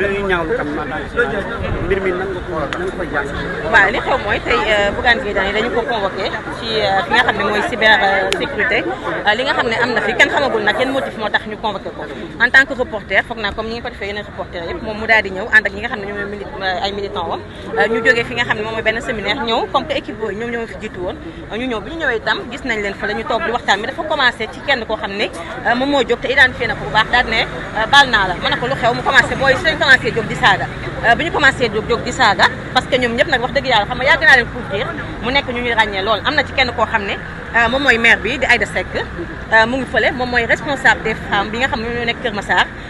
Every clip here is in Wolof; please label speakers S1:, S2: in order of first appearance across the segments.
S1: dañuy ñaawlu tam mbir mi nan nga ko nan nga ko jàng. xew mooy tey euh, Bougane Gueye Dany dañu ko convoqué ci euh, fi nga xam ne mooy cyber sécurité euh, li nga xam ne am na fi kenn xamagul nag kenn motif moo tax ñu convoqué ko en tant que reporter foog naa comme ñi nga ko defee yeneen reporter yëpp moom mu daal ñëw ànd ak ñi nga xam ne ñoom mili ay militant woon ñu jógee fi nga xam ne moom mooy benn séminaire ñëw comme que équipe boobu ñoom ñoo fi jiitu woon ñu ñëw fa ñu toog di waxtaan mi dafa commencé ci kenn koo xam ne moo jóg te identifié na bu na su lañ commencé jóg di saaga euh, bi ñu commencé jóg jóg di saaga parce que ñoom ñëpp nag wax dëgg yàlla xam nga yàgg naa leen couvrir mu nekk ñu ñuy ràññee lool am na ci kenn koo xam ne euh, moom mooy maire bi di Aïda Seck euh, mu ngi fële moom mooy responsable des femmes bi nga xam ne ñoo nekk Kër Massar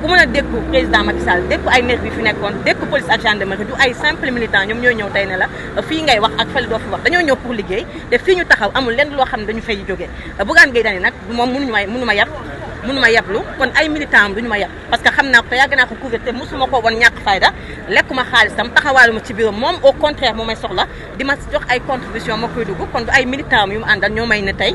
S1: ku mën a dékku président Macky Sall dékku ay nerf bi fi nekkoon dékku police ak gendarmerie du ay simple militant ñoom ñooy ñëw tey ne la fii ngay wax ak fële doo fi wax dañoo ñëw pour liggéey te fii ñu taxaw amul lenn loo xam ne dañu fay jógee Bougane Gueye Dany nag moom mënuñu ma mënu ma yab mënu ma yablu kon ay militants am duñu yab parce que xamna ko yagna ko couvrir te mosuma ko won ñak fayda lekuma xaalisam taxawaalu ma ci biiram moom au contraire moo may soxla di ma jox ay contribution ma koy dugg kon du ay militants am yu mu àndal ñoo may ne tay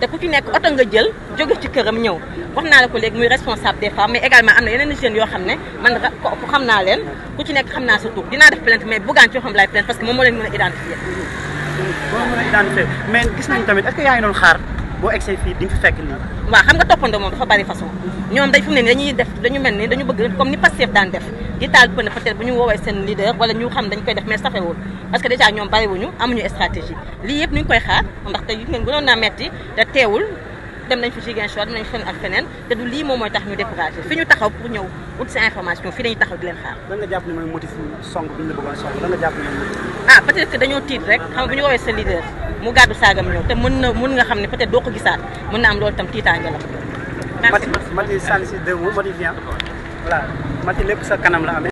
S1: te ku ci nekk oto nga jël jóge ci këram ñëw wax naa la ko léegi muy responsable des femmes mais également am na yeneen jeunes yoo xam ne man ko xam naa leen ku ci nekk xam naa sa tur dinaa def plainte mais Bougane ci xam laay plainte parce que moom moo leen mën a identifier moo mën a identifier mais gis nañu tamit est-ce que yaa ngi doon xaar boo egsee fii di nga fi fekk nii waaw xam nga toppandoo moom dafa bari façon ñoom dañ fu mu ne dañuy def dañu mel ni dañu bëgg comme ni Pastef daan def di taal pneu peut-être bu ñu woowee seen leader wala ñu xam dañ koy def mais safewul parce que déjà ñoom bariwuñu amuñu stratégie lii yëpp ñu koy xaar ndax te ngeen gënoon naa metti te teewul dem nañ fi lii moom mooy tax ñu découragé fi ñu taxaw pour ñëw ut si information fi dañu taxaw di leen xaar. lan nga jàpp ne mooy motif song bi ñu la ne ah peut que dañoo tiit rek xam nga bu ñu woowee sa leader mu gàddu saagam ñëw te mën na mën nga xam ne peut-être doo ko gisaat mën na am loolu itam tiitaange voilà ma ci lépp sa kanam la amee.